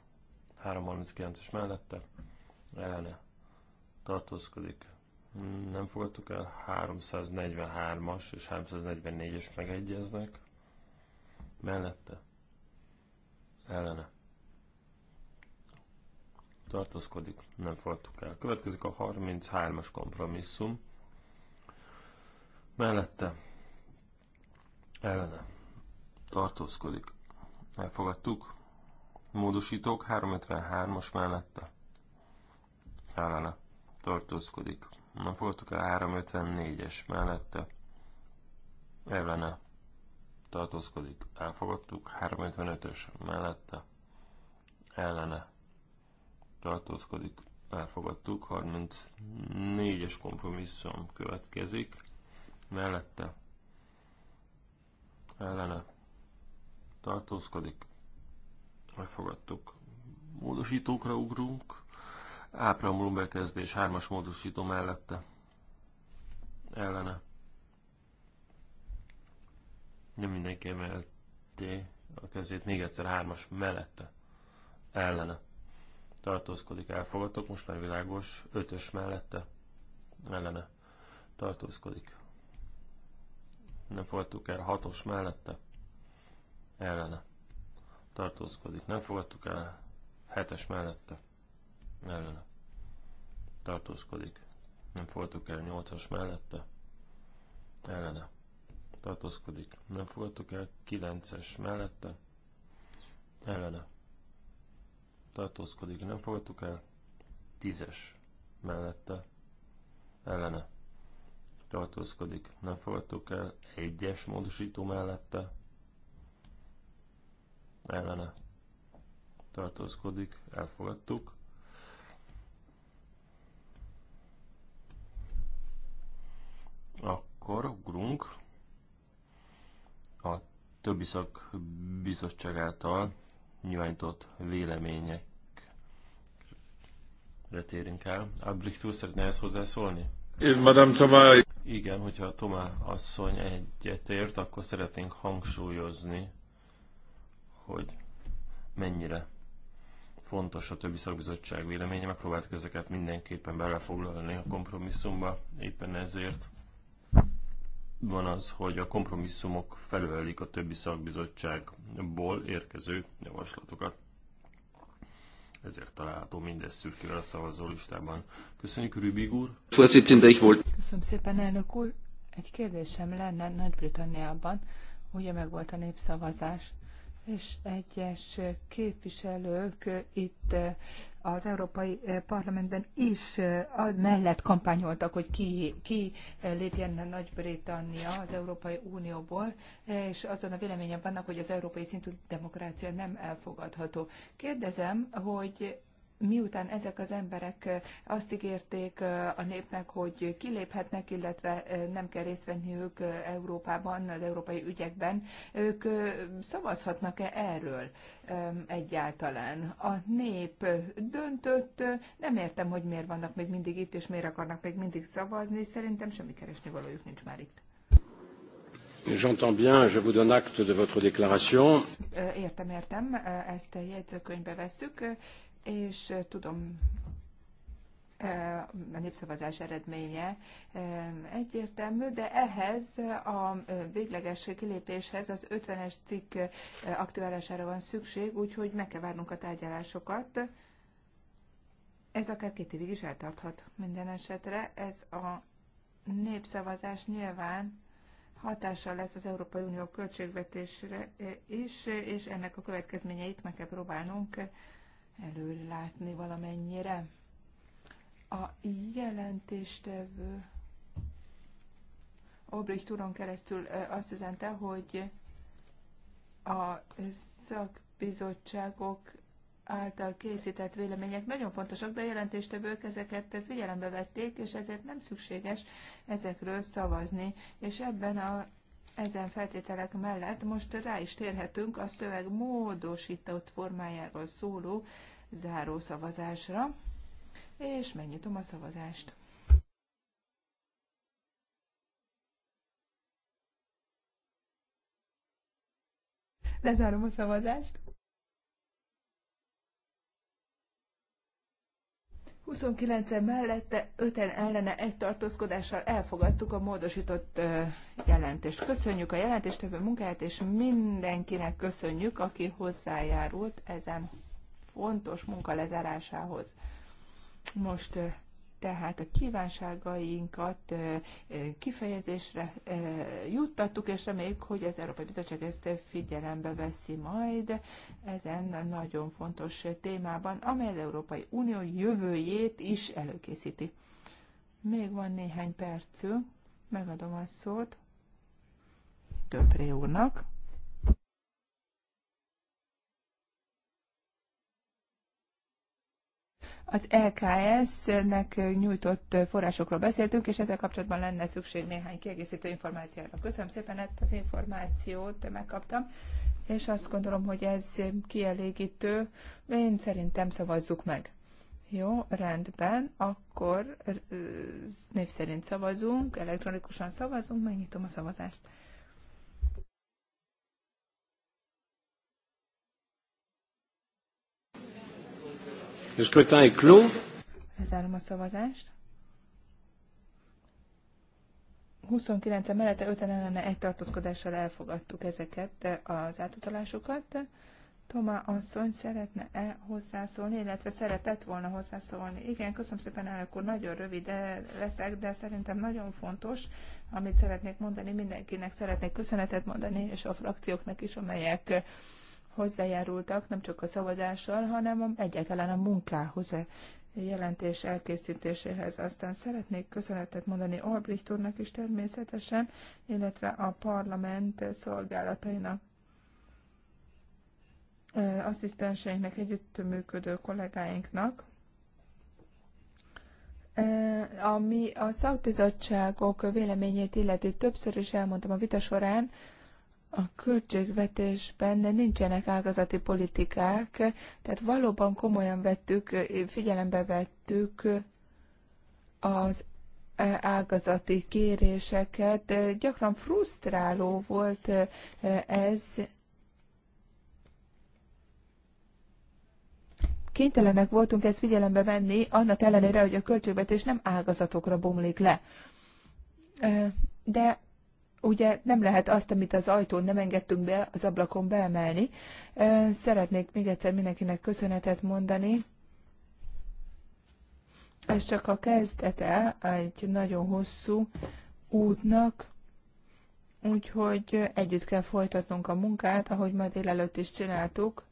3.39-es mellette ellene tartózkodik, nem fogadtuk el. 343-as és 344-es megegyeznek mellette ellene tartózkodik, nem fogadtuk el. Következik a 33-as kompromisszum mellette ellene tartózkodik. Elfogadtuk. Módosítók 353-as mellette ellene tartózkodik. Nem fogadtuk el 354-es mellette ellene tartózkodik. Elfogadtuk 355-ös mellette ellene tartózkodik. Elfogadtuk 34-es kompromisszum következik mellette ellene tartózkodik. Megfogadtuk. Módosítókra ugrunk. Ápramulum bekezdés, hármas módosító mellette ellene. Nem mindenki emelté a kezét, még egyszer hármas mellette ellene tartózkodik, elfogadtok, most már világos, ötös mellette ellene tartózkodik, nem fogadtuk el, hatos mellette, ellene, tartózkodik, nem fogadtuk el, hetes mellette, ellene, tartózkodik, nem fogadtuk el, nyolcas mellette, ellene, tartózkodik, nem fogadtuk el, kilences mellette, ellene, tartózkodik, nem fogadtuk el, tízes mellette, ellene tartózkodik, nem fogadtuk el, egyes módosító mellette, ellene tartózkodik, elfogadtuk. Akkor ugrunk a többi szak bizottság által nyilvánított véleményekre térünk el. Albrecht túl szeretne ezt hozzászólni? Madame Igen, hogyha Tomá asszony egyetért, akkor szeretnénk hangsúlyozni, hogy mennyire fontos a többi szakbizottság véleménye. Megpróbáltuk ezeket mindenképpen belefoglalni a kompromisszumba. Éppen ezért van az, hogy a kompromisszumok felölelik a többi szakbizottságból érkező javaslatokat ezért található mindez szürkével a szavazó listában. Köszönjük, Rübig úr! Köszönöm szépen, elnök úr! Egy kérdésem lenne Nagy-Britanniában, ugye meg volt a népszavazás, és egyes képviselők itt eh, az Európai eh, Parlamentben is eh, az mellett kampányoltak, hogy ki, ki lépjen Nagy-Britannia az Európai Unióból, és azon a véleményen vannak, hogy az európai szintű demokrácia nem elfogadható. Kérdezem, hogy miután ezek az emberek azt ígérték a népnek, hogy kiléphetnek, illetve nem kell részt ők Európában, az európai ügyekben, ők szavazhatnak-e erről egyáltalán? A nép döntött, nem értem, hogy miért vannak még mindig itt, és miért akarnak még mindig szavazni, szerintem semmi keresni valójuk nincs már itt. J'entends bien, je vous donne acte de votre déclaration. Értem, értem, ezt jegyzőkönyvbe veszük és tudom, a népszavazás eredménye egyértelmű, de ehhez a végleges kilépéshez az 50-es cikk aktiválására van szükség, úgyhogy meg kell várnunk a tárgyalásokat. Ez akár két évig is eltarthat minden esetre. Ez a népszavazás nyilván hatással lesz az Európai Unió költségvetésre is, és ennek a következményeit meg kell próbálnunk előre látni valamennyire. A jelentéstevő Obrich Turon keresztül azt üzente, hogy a szakbizottságok által készített vélemények nagyon fontosak, de a jelentéstevők ezeket figyelembe vették, és ezért nem szükséges ezekről szavazni. És ebben a ezen feltételek mellett most rá is térhetünk a szöveg módosított formájáról szóló záró szavazásra, és megnyitom a szavazást. Lezárom a szavazást. 29-en mellette, 5-en ellene egy tartózkodással elfogadtuk a módosított jelentést. Köszönjük a jelentéstevő munkáját, és mindenkinek köszönjük, aki hozzájárult ezen fontos munka lezárásához. Most tehát a kívánságainkat kifejezésre juttattuk, és reméljük, hogy az Európai Bizottság ezt figyelembe veszi majd ezen nagyon fontos témában, amely az Európai Unió jövőjét is előkészíti. Még van néhány percünk, megadom a szót Töpré úrnak. Az LKS-nek nyújtott forrásokról beszéltünk, és ezzel kapcsolatban lenne szükség néhány kiegészítő információra. Köszönöm szépen, ezt az információt megkaptam, és azt gondolom, hogy ez kielégítő. Én szerintem szavazzuk meg. Jó, rendben, akkor név szerint szavazunk, elektronikusan szavazunk, megnyitom a szavazást. Le scrutin est clos. Lezárom a szavazást. 29 -e mellette 5 ellene egy tartózkodással elfogadtuk ezeket az átutalásokat. Tomá asszony szeretne-e hozzászólni, illetve szeretett volna hozzászólni? Igen, köszönöm szépen, elnök úr, nagyon rövid leszek, de szerintem nagyon fontos, amit szeretnék mondani. Mindenkinek szeretnék köszönetet mondani, és a frakcióknak is, amelyek hozzájárultak nem csak a szavazással, hanem egyáltalán a munkához, a jelentés elkészítéséhez. Aztán szeretnék köszönetet mondani Albrecht úrnak is természetesen, illetve a parlament szolgálatainak asszisztenseinknek, együttműködő kollégáinknak, ami a szakbizottságok véleményét illeti, többször is elmondtam a vita során, a költségvetésben de nincsenek ágazati politikák, tehát valóban komolyan vettük, figyelembe vettük az ágazati kéréseket. Gyakran frusztráló volt ez. Kénytelenek voltunk ezt figyelembe venni, annak ellenére, hogy a költségvetés nem ágazatokra bomlik le. De ugye nem lehet azt, amit az ajtón nem engedtünk be, az ablakon beemelni. Szeretnék még egyszer mindenkinek köszönetet mondani. Ez csak a kezdete egy nagyon hosszú útnak, úgyhogy együtt kell folytatnunk a munkát, ahogy ma délelőtt is csináltuk,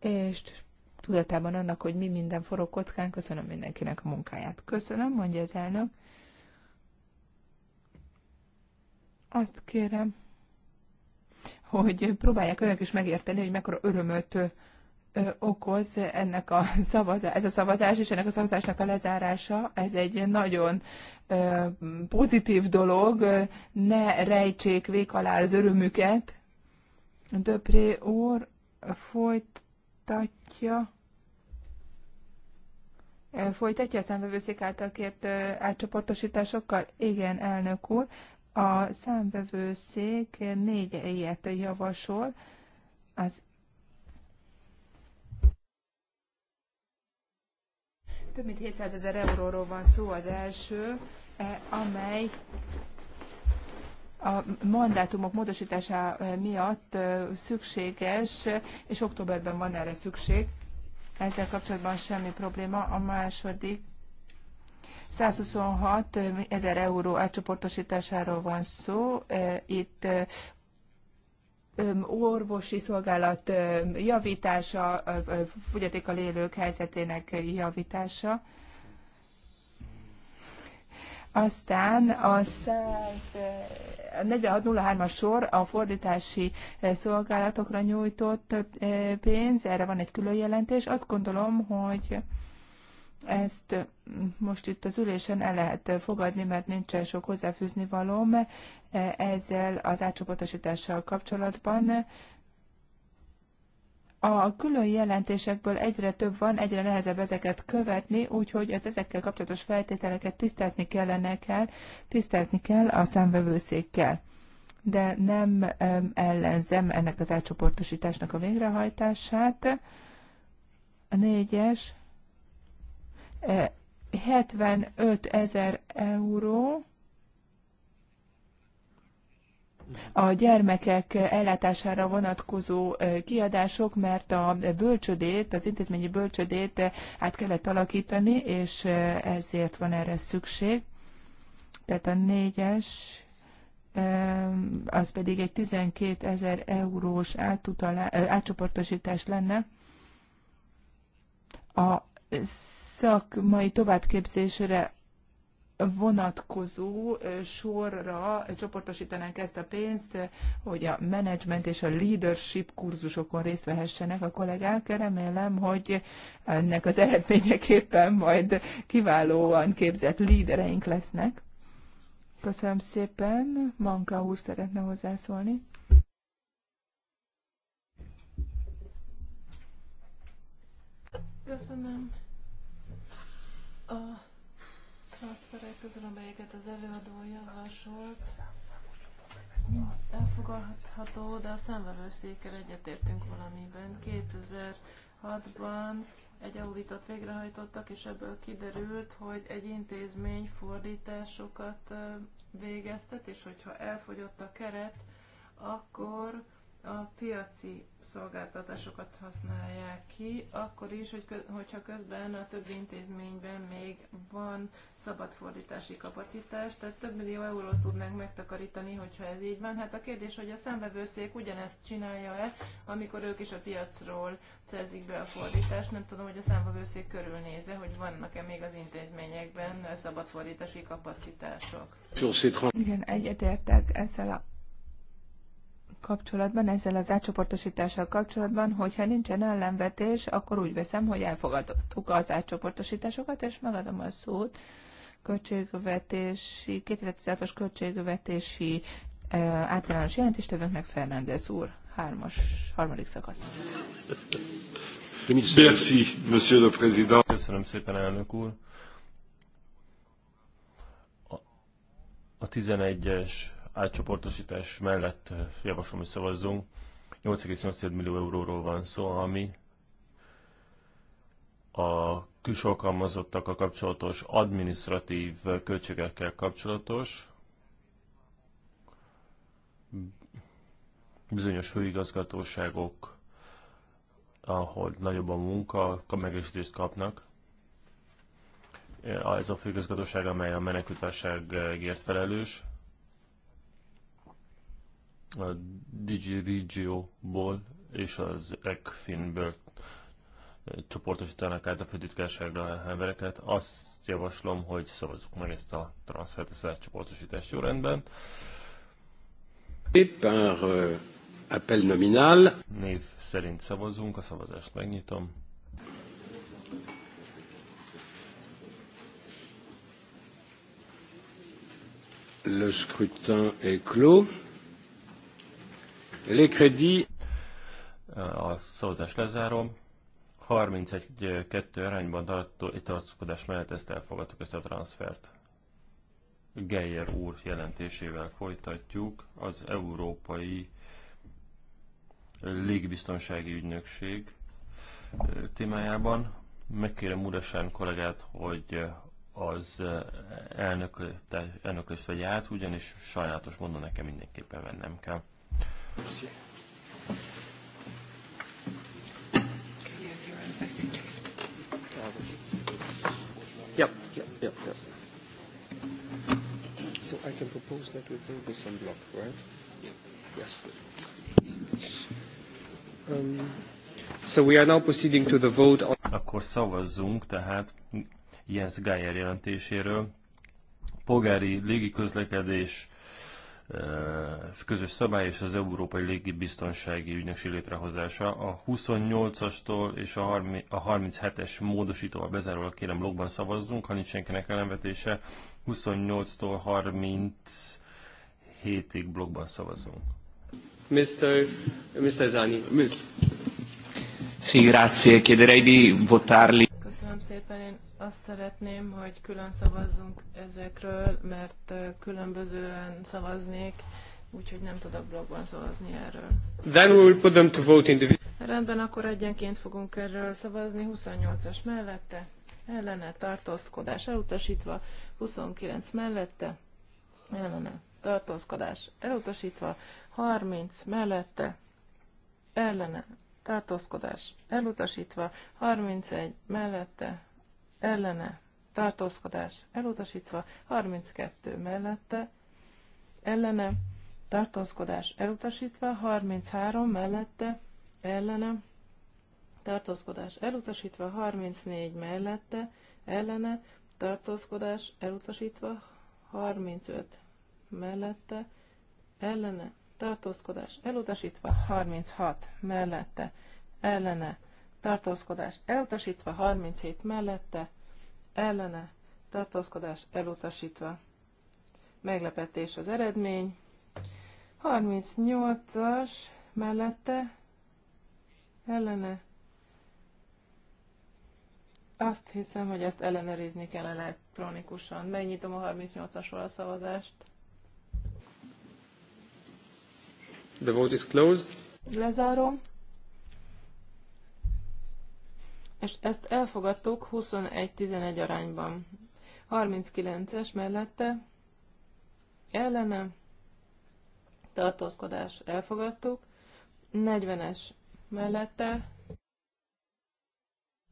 és tudatában annak, hogy mi minden forog kockán, köszönöm mindenkinek a munkáját. Köszönöm, mondja az elnök. Azt kérem, hogy próbálják önök is megérteni, hogy mekkora örömöt okoz ennek a szavazás, ez a szavazás és ennek a szavazásnak a lezárása. Ez egy nagyon ö, pozitív dolog, ne rejtsék vék alá az örömüket. Döpré úr folytatja. Folytatja a szemvevőszék által kért átcsoportosításokkal? Igen, elnök úr. A számbevőszék négy ilyet javasol, az több mint 700 ezer euróról van szó az első, eh, amely a mandátumok módosítása eh, miatt eh, szükséges, és októberben van erre szükség. Ezzel kapcsolatban semmi probléma. A második 126 ezer euró átcsoportosításáról van szó. Itt orvosi szolgálat javítása, fogyatékkal élők helyzetének javítása. Aztán a 4603-as sor a fordítási szolgálatokra nyújtott pénz, erre van egy külön jelentés. Azt gondolom, hogy ezt mm, most itt az ülésen el lehet fogadni, mert nincs sok hozzáfűzni valóm e, ezzel az átcsoportosítással kapcsolatban. A külön jelentésekből egyre több van, egyre nehezebb ezeket követni, úgyhogy az ezekkel kapcsolatos feltételeket tisztázni kellene kell, tisztázni kell a számvevőszékkel. De nem e, ellenzem ennek az átcsoportosításnak a végrehajtását. A négyes 75 ezer euró a gyermekek ellátására vonatkozó kiadások, mert a bölcsödét, az intézményi bölcsödét át kellett alakítani, és ezért van erre szükség. Tehát a négyes az pedig egy 12 ezer eurós átutalá, átcsoportosítás lenne a szakmai továbbképzésre vonatkozó sorra csoportosítanánk ezt a pénzt, hogy a management és a leadership kurzusokon részt vehessenek a kollégák. Remélem, hogy ennek az eredményeképpen majd kiválóan képzett lídereink lesznek. Köszönöm szépen. Manka úr szeretne hozzászólni. Köszönöm. A transferek közül, amelyeket az előadó javasolt, mind elfogadható, de a számvevőszékkel egyetértünk valamiben. 2006-ban egy auditot végrehajtottak, és ebből kiderült, hogy egy intézmény fordításokat végeztet, és hogyha elfogyott a keret, akkor a piaci szolgáltatásokat használják ki, akkor is, hogy, hogyha közben a több intézményben még van szabadfordítási kapacitás, tehát több millió eurót tudnánk megtakarítani, hogyha ez így van. Hát a kérdés, hogy a szembevőszék ugyanezt csinálja-e, amikor ők is a piacról szerzik be a fordítást. Nem tudom, hogy a szembevőszék körülnéze, hogy vannak-e még az intézményekben szabadfordítási kapacitások. Igen, egyetértek ezzel a kapcsolatban, ezzel az átcsoportosítással kapcsolatban, hogyha nincsen ellenvetés, akkor úgy veszem, hogy elfogadtuk az átcsoportosításokat, és megadom a szót költségvetési, 2016-os költségvetési e, általános jelentéstevőnknek Fernández úr, hármas, harmadik szakasz. Merci, monsieur le président. Köszönöm szépen, elnök úr. A 11-es átcsoportosítás mellett eh, javaslom, hogy szavazzunk. 8,8 millió euróról van szó, ami a külső alkalmazottakkal kapcsolatos administratív költségekkel kapcsolatos. Bizonyos főigazgatóságok, ahol nagyobb a munka, megerősítést kapnak. Eh, ez a főigazgatóság, amely a menekültválságért felelős, a Digi ból és az ECFIN-ből eh, csoportosítanak át a főtitkárságra embereket. Azt javaslom, hogy szavazzuk meg ezt a transfert, ezt a csoportosítást jó rendben. Par euh, appel nominal. Név szerint szavazunk, a szavazást megnyitom. Le scrutin est clos. Les crédits. A szavazás lezárom. 31-2 arányban tartó tartózkodás mellett ezt elfogadtuk, ezt a transfert. Geyer úr jelentésével folytatjuk. Az Európai Légbiztonsági Ügynökség témájában. Megkérem Uresán kollégát, hogy az elnöklést vegye át, ugyanis sajnálatos mondom nekem mindenképpen vennem kell. Yep, yep, yep, yep. So I can propose that we do this on block, right? Yep. Yes. Um, so we are now proceeding to the vote on... Akkor szavazzunk tehát Jens Geyer jelentéséről. Polgári légiközlekedés közös szabály és az Európai Légibiztonsági Ügynökség létrehozása. A 28-astól és a 37-es módosítóval bezáról kérem blogban szavazzunk, ha nincs senkinek ellenvetése. 28-tól 37-ig blogban szavazunk. Mr. Mr. Zani. Sì, grazie. Chiederei di votarli szépen. Én azt szeretném, hogy külön szavazzunk ezekről, mert különbözően szavaznék, úgyhogy nem tudok blogban szavazni erről. Then we will put them to vote in the... Rendben, akkor egyenként fogunk erről szavazni, 28-as mellette, ellene, tartózkodás elutasítva, 29 mellette, ellene, tartózkodás elutasítva, 30 mellette, ellene, tartózkodás elutasítva, 31 mellette, ellene, tartózkodás elutasítva, 32 mellette, ellene, tartózkodás elutasítva, 33 mellette, ellene, tartózkodás elutasítva, 34 mellette, ellene, tartózkodás elutasítva, 35 mellette, ellene, tartózkodás elutasítva, 36 mellette, ellene, tartózkodás elutasítva, 37 mellette, ellene, tartózkodás elutasítva. Meglepetés az eredmény. 38-as mellette, ellene, azt hiszem, hogy ezt ellenőrizni kell elektronikusan. Megnyitom a 38 as a szavazást. The vote is closed. Lezárom. És ezt elfogadtuk 21-11 arányban. 39-es mellette ellene tartózkodás elfogadtuk. 40-es mellette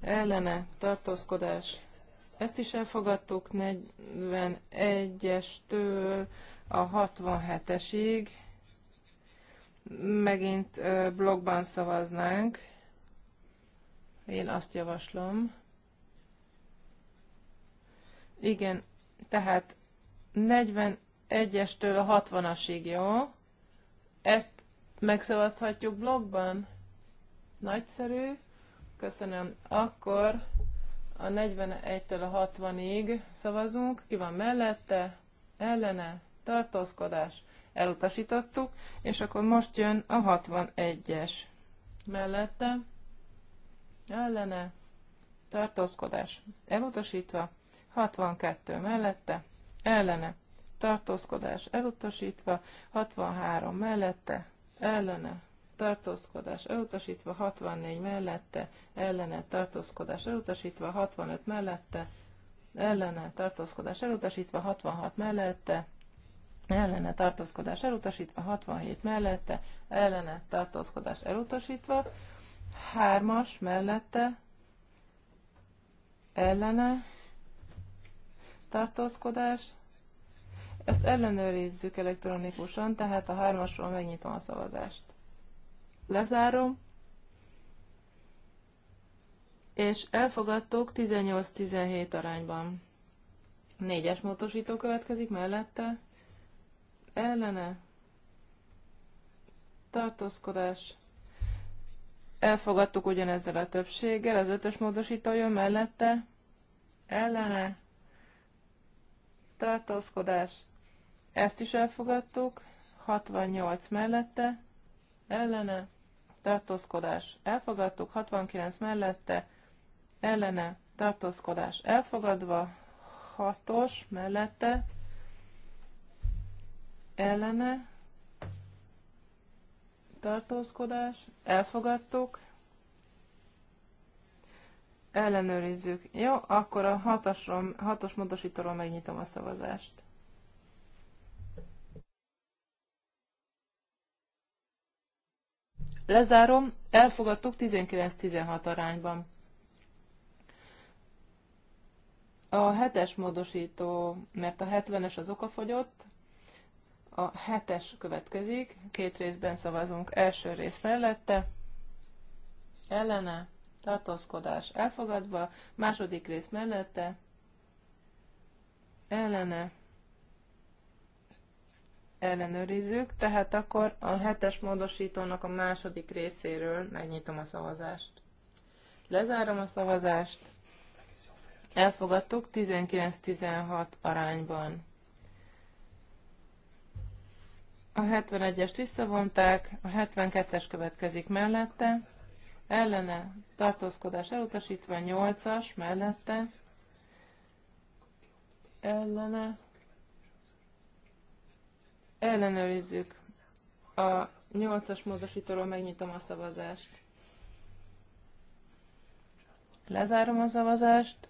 ellene tartózkodás ezt is elfogadtuk 41-estől a 67-esig megint blogban szavaznánk. Én azt javaslom. Igen, tehát 41-estől a 60-asig, jó? Ezt megszavazhatjuk blogban? Nagyszerű. Köszönöm. Akkor a 41-től a 60-ig szavazunk. Ki van mellette? Ellene? Tartózkodás? elutasítottuk, és akkor most jön a 61-es mellette, ellene, tartózkodás elutasítva, 62 mellette, ellene, tartózkodás elutasítva, 63 mellette, ellene, tartózkodás elutasítva, 64 mellette, ellene, tartózkodás elutasítva, 65 mellette, ellene, tartózkodás elutasítva, 66 mellette, ellene tartózkodás elutasítva, 67 mellette, ellene tartózkodás elutasítva, 3-as mellette, ellene tartózkodás, ezt ellenőrizzük elektronikusan, tehát a 3-asról megnyitom a szavazást. Lezárom, és elfogadtuk 18-17 arányban. 4-es módosító következik mellette, ellene tartózkodás. Elfogadtuk ugyanezzel a többséggel, az ötös módosító jön mellette, ellene tartózkodás. Ezt is elfogadtuk, 68 mellette, ellene tartózkodás. Elfogadtuk, 69 mellette, ellene tartózkodás. Elfogadva, 6-os mellette, ellene tartózkodás, elfogadtuk, ellenőrizzük. Jó, akkor a hatosrom, hatos módosítóról megnyitom a szavazást. Lezárom, elfogadtuk 19-16 arányban. A hetes módosító, mert a 70-es az okafogyott, a hetes következik, két részben szavazunk, első rész mellette, ellene, tartózkodás elfogadva, második rész mellette, ellene, ellenőrizzük, tehát akkor a hetes módosítónak a második részéről megnyitom a szavazást. Lezárom a szavazást. Elfogadtuk 19-16 arányban. A 71-est visszavonták, a 72-es következik mellette, ellene tartózkodás elutasítva, 8-as mellette, ellene, ellenőrizzük a 8-as módosítóról megnyitom a szavazást. Lezárom a szavazást.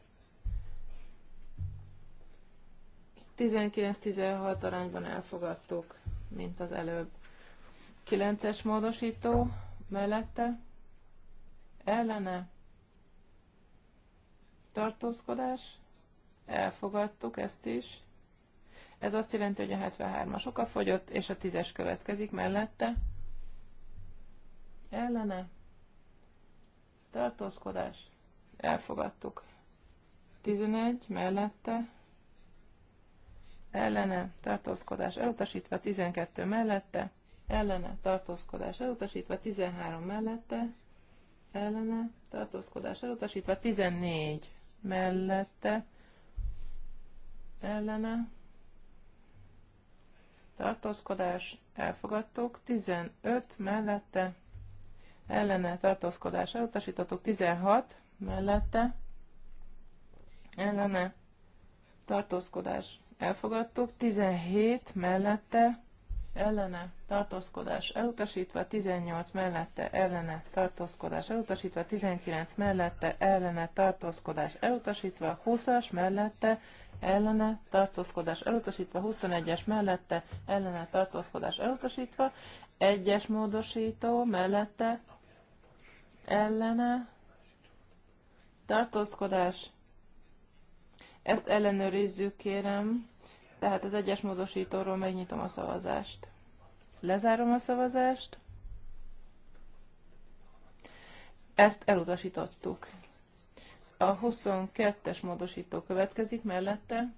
19-16 arányban elfogadtuk mint az előbb. 9-es módosító mellette ellene tartózkodás, elfogadtuk ezt is. Ez azt jelenti, hogy a 73-as oka fogyott, és a 10-es következik mellette. Ellene tartózkodás, elfogadtuk. 11 mellette ellene tartózkodás elutasítva, 12 mellette, ellene tartózkodás elutasítva, 13 mellette, ellene tartózkodás elutasítva, 14 mellette, ellene tartózkodás elfogadtuk, 15 mellette, ellene tartózkodás elutasítottuk, 16 mellette, ellene tartózkodás elfogadtuk, 17 mellette ellene tartózkodás elutasítva, 18 mellette ellene tartózkodás elutasítva, 19 mellette ellene tartózkodás elutasítva, 20-as mellette ellene tartózkodás elutasítva, 21-es mellette ellene tartózkodás elutasítva, 1-es módosító mellette ellene tartózkodás. Ezt ellenőrizzük, kérem. Tehát az egyes módosítóról megnyitom a szavazást. Lezárom a szavazást. Ezt elutasítottuk. A 22-es módosító következik mellette.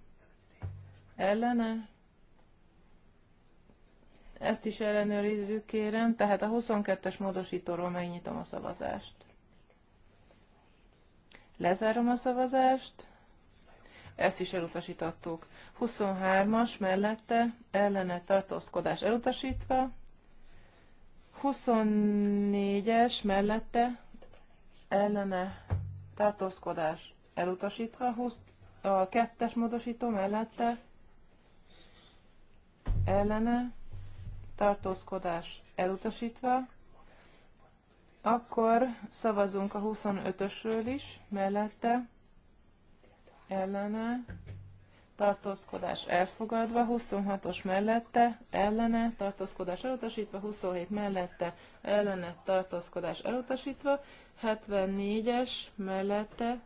Ellene. Ezt is ellenőrizzük, kérem. Tehát a 22-es módosítóról megnyitom a szavazást. Lezárom a szavazást ezt is elutasítottuk. 23-as mellette ellene tartózkodás elutasítva, 24-es mellette ellene tartózkodás elutasítva, 20, a kettes módosító mellette ellene tartózkodás elutasítva, akkor szavazunk a 25-ösről is mellette ellene, tartózkodás elfogadva, 26-os mellette, ellene, tartózkodás elutasítva, 27 mellette, ellene, tartózkodás elutasítva, 74-es mellette,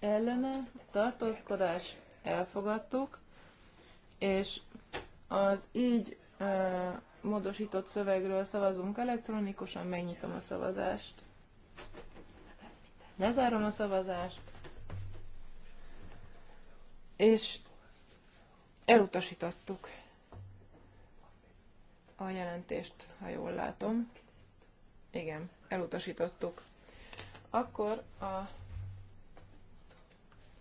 ellene, tartózkodás elfogadtuk, és az így e, módosított szövegről szavazunk elektronikusan, megnyitom a szavazást. Lezárom a szavazást és elutasítottuk a jelentést, ha jól látom. Igen, elutasítottuk. Akkor a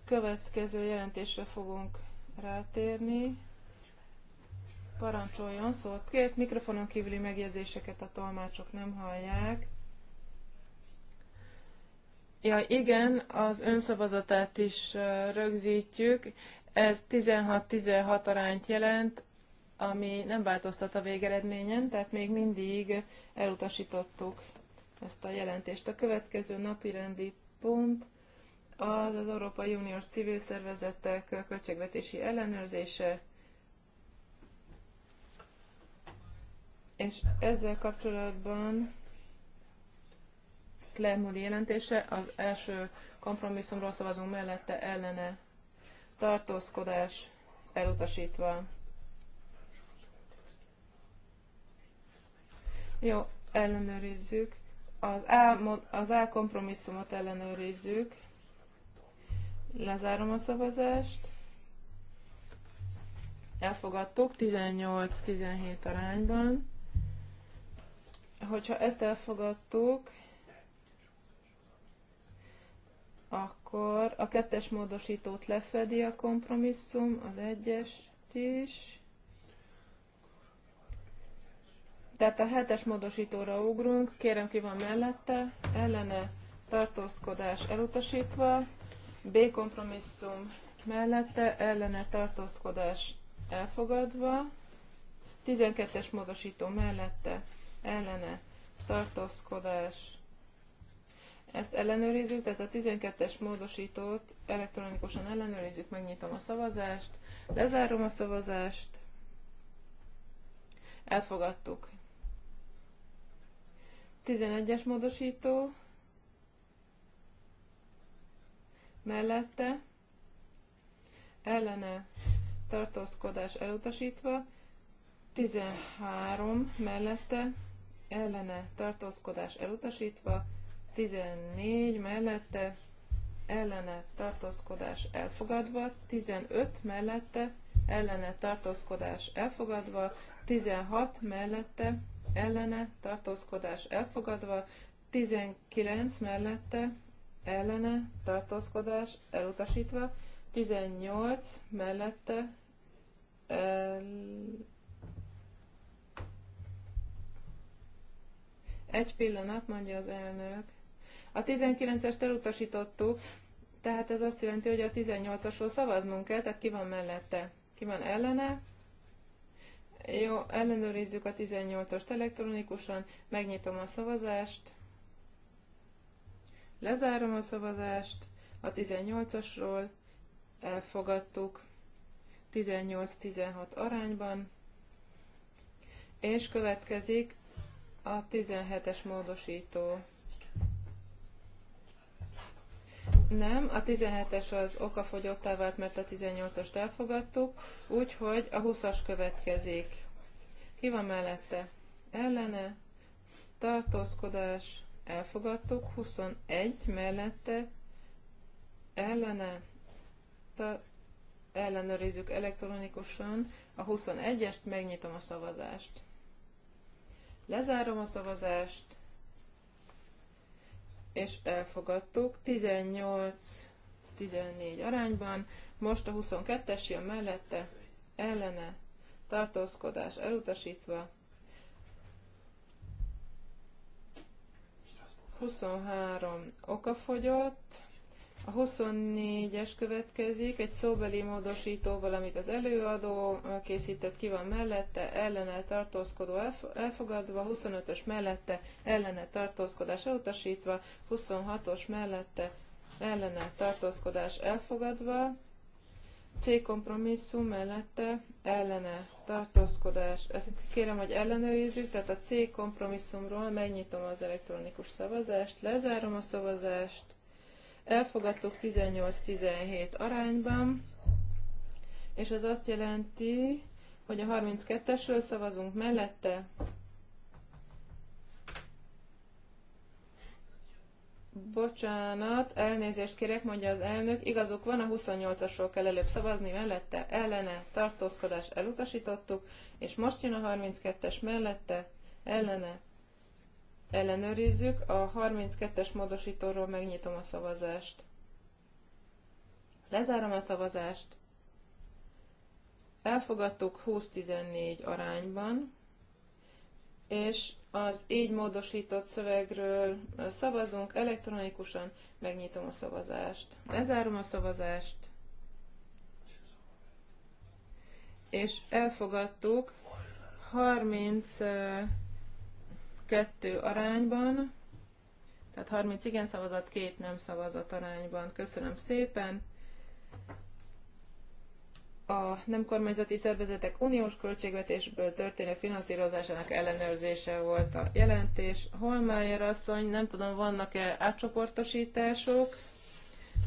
következő jelentésre fogunk rátérni. Parancsoljon szót. Kért mikrofonon kívüli megjegyzéseket a tolmácsok nem hallják. Ja, igen, az önszavazatát is rögzítjük. Ez 16-16 arányt jelent, ami nem változtat a végeredményen, tehát még mindig elutasítottuk ezt a jelentést. A következő napi rendi pont az, az Európai Uniós civil szervezetek költségvetési ellenőrzése, és ezzel kapcsolatban Klermúli jelentése. Az első kompromisszumról szavazunk mellette ellene tartózkodás elutasítva. Jó, ellenőrizzük. Az A, az A kompromisszumot ellenőrizzük. Lezárom a szavazást. Elfogadtuk 18-17 arányban. Hogyha ezt elfogadtuk, akkor a kettes módosítót lefedi a kompromisszum, az egyest is. Tehát a hetes módosítóra ugrunk, kérem ki van mellette, ellene tartózkodás elutasítva, B kompromisszum mellette, ellene tartózkodás elfogadva, 12-es módosító mellette, ellene tartózkodás ezt ellenőrizzük, tehát a 12-es módosítót elektronikusan ellenőrizzük, megnyitom a szavazást, lezárom a szavazást, elfogadtuk. 11-es módosító, mellette, ellene tartózkodás elutasítva, 13 mellette, ellene tartózkodás elutasítva, 14 mellette ellene tartózkodás elfogadva, 15 mellette ellene tartózkodás elfogadva, 16 mellette ellene tartózkodás elfogadva, 19 mellette ellene tartózkodás elutasítva, 18 mellette el... Egy pillanat, mondja az elnök. A 19-est elutasítottuk, tehát ez azt jelenti, hogy a 18-asról szavaznunk kell, tehát ki van mellette, ki van ellene. Jó, ellenőrizzük a 18-ast elektronikusan, megnyitom a szavazást, lezárom a szavazást, a 18-asról elfogadtuk 18-16 arányban, és következik a 17-es módosító nem, a 17-es az okafogyottá vált, mert a 18-ast elfogadtuk, úgyhogy a 20-as következik. Ki van mellette? Ellene, tartózkodás, elfogadtuk, 21 mellette, ellene, ta, ellenőrizzük elektronikusan, a 21-est megnyitom a szavazást. Lezárom a szavazást, és elfogadtuk 18-14 arányban, most a 22-es jön mellette, ellene, tartózkodás elutasítva, 23 okafogyott, a 24-es következik, egy szóbeli módosító, valamit az előadó készített, ki van mellette, ellene tartózkodó elfogadva, 25-ös mellette, ellene tartózkodás elutasítva, 26-os mellette, ellene tartózkodás elfogadva, C kompromisszum mellette ellene tartózkodás. Ezt kérem, hogy ellenőrizzük, tehát a C kompromisszumról megnyitom az elektronikus szavazást, lezárom a szavazást, Elfogadtuk 18-17 arányban, és ez azt jelenti, hogy a 32-esről szavazunk mellette. Bocsánat, elnézést kérek, mondja az elnök. Igazuk van, a 28-asról kell előbb szavazni mellette, ellene, tartózkodás elutasítottuk, és most jön a 32-es mellette, ellene, ellenőrizzük. A 32-es módosítóról megnyitom a szavazást. Lezárom a szavazást. Elfogadtuk 20-14 arányban, és az így módosított szövegről szavazunk elektronikusan, megnyitom a szavazást. Lezárom a szavazást. És elfogadtuk 30 kettő arányban, tehát 30 igen szavazat, két nem szavazat arányban. Köszönöm szépen! a nem kormányzati szervezetek uniós költségvetésből történő finanszírozásának ellenőrzése volt a jelentés. Holmájer asszony, nem tudom, vannak-e átcsoportosítások?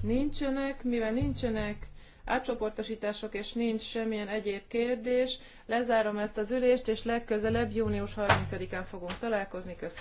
Nincsenek, mivel nincsenek, átcsoportosítások, és nincs semmilyen egyéb kérdés. Lezárom ezt az ülést, és legközelebb június 30-án fogunk találkozni. Köszönöm.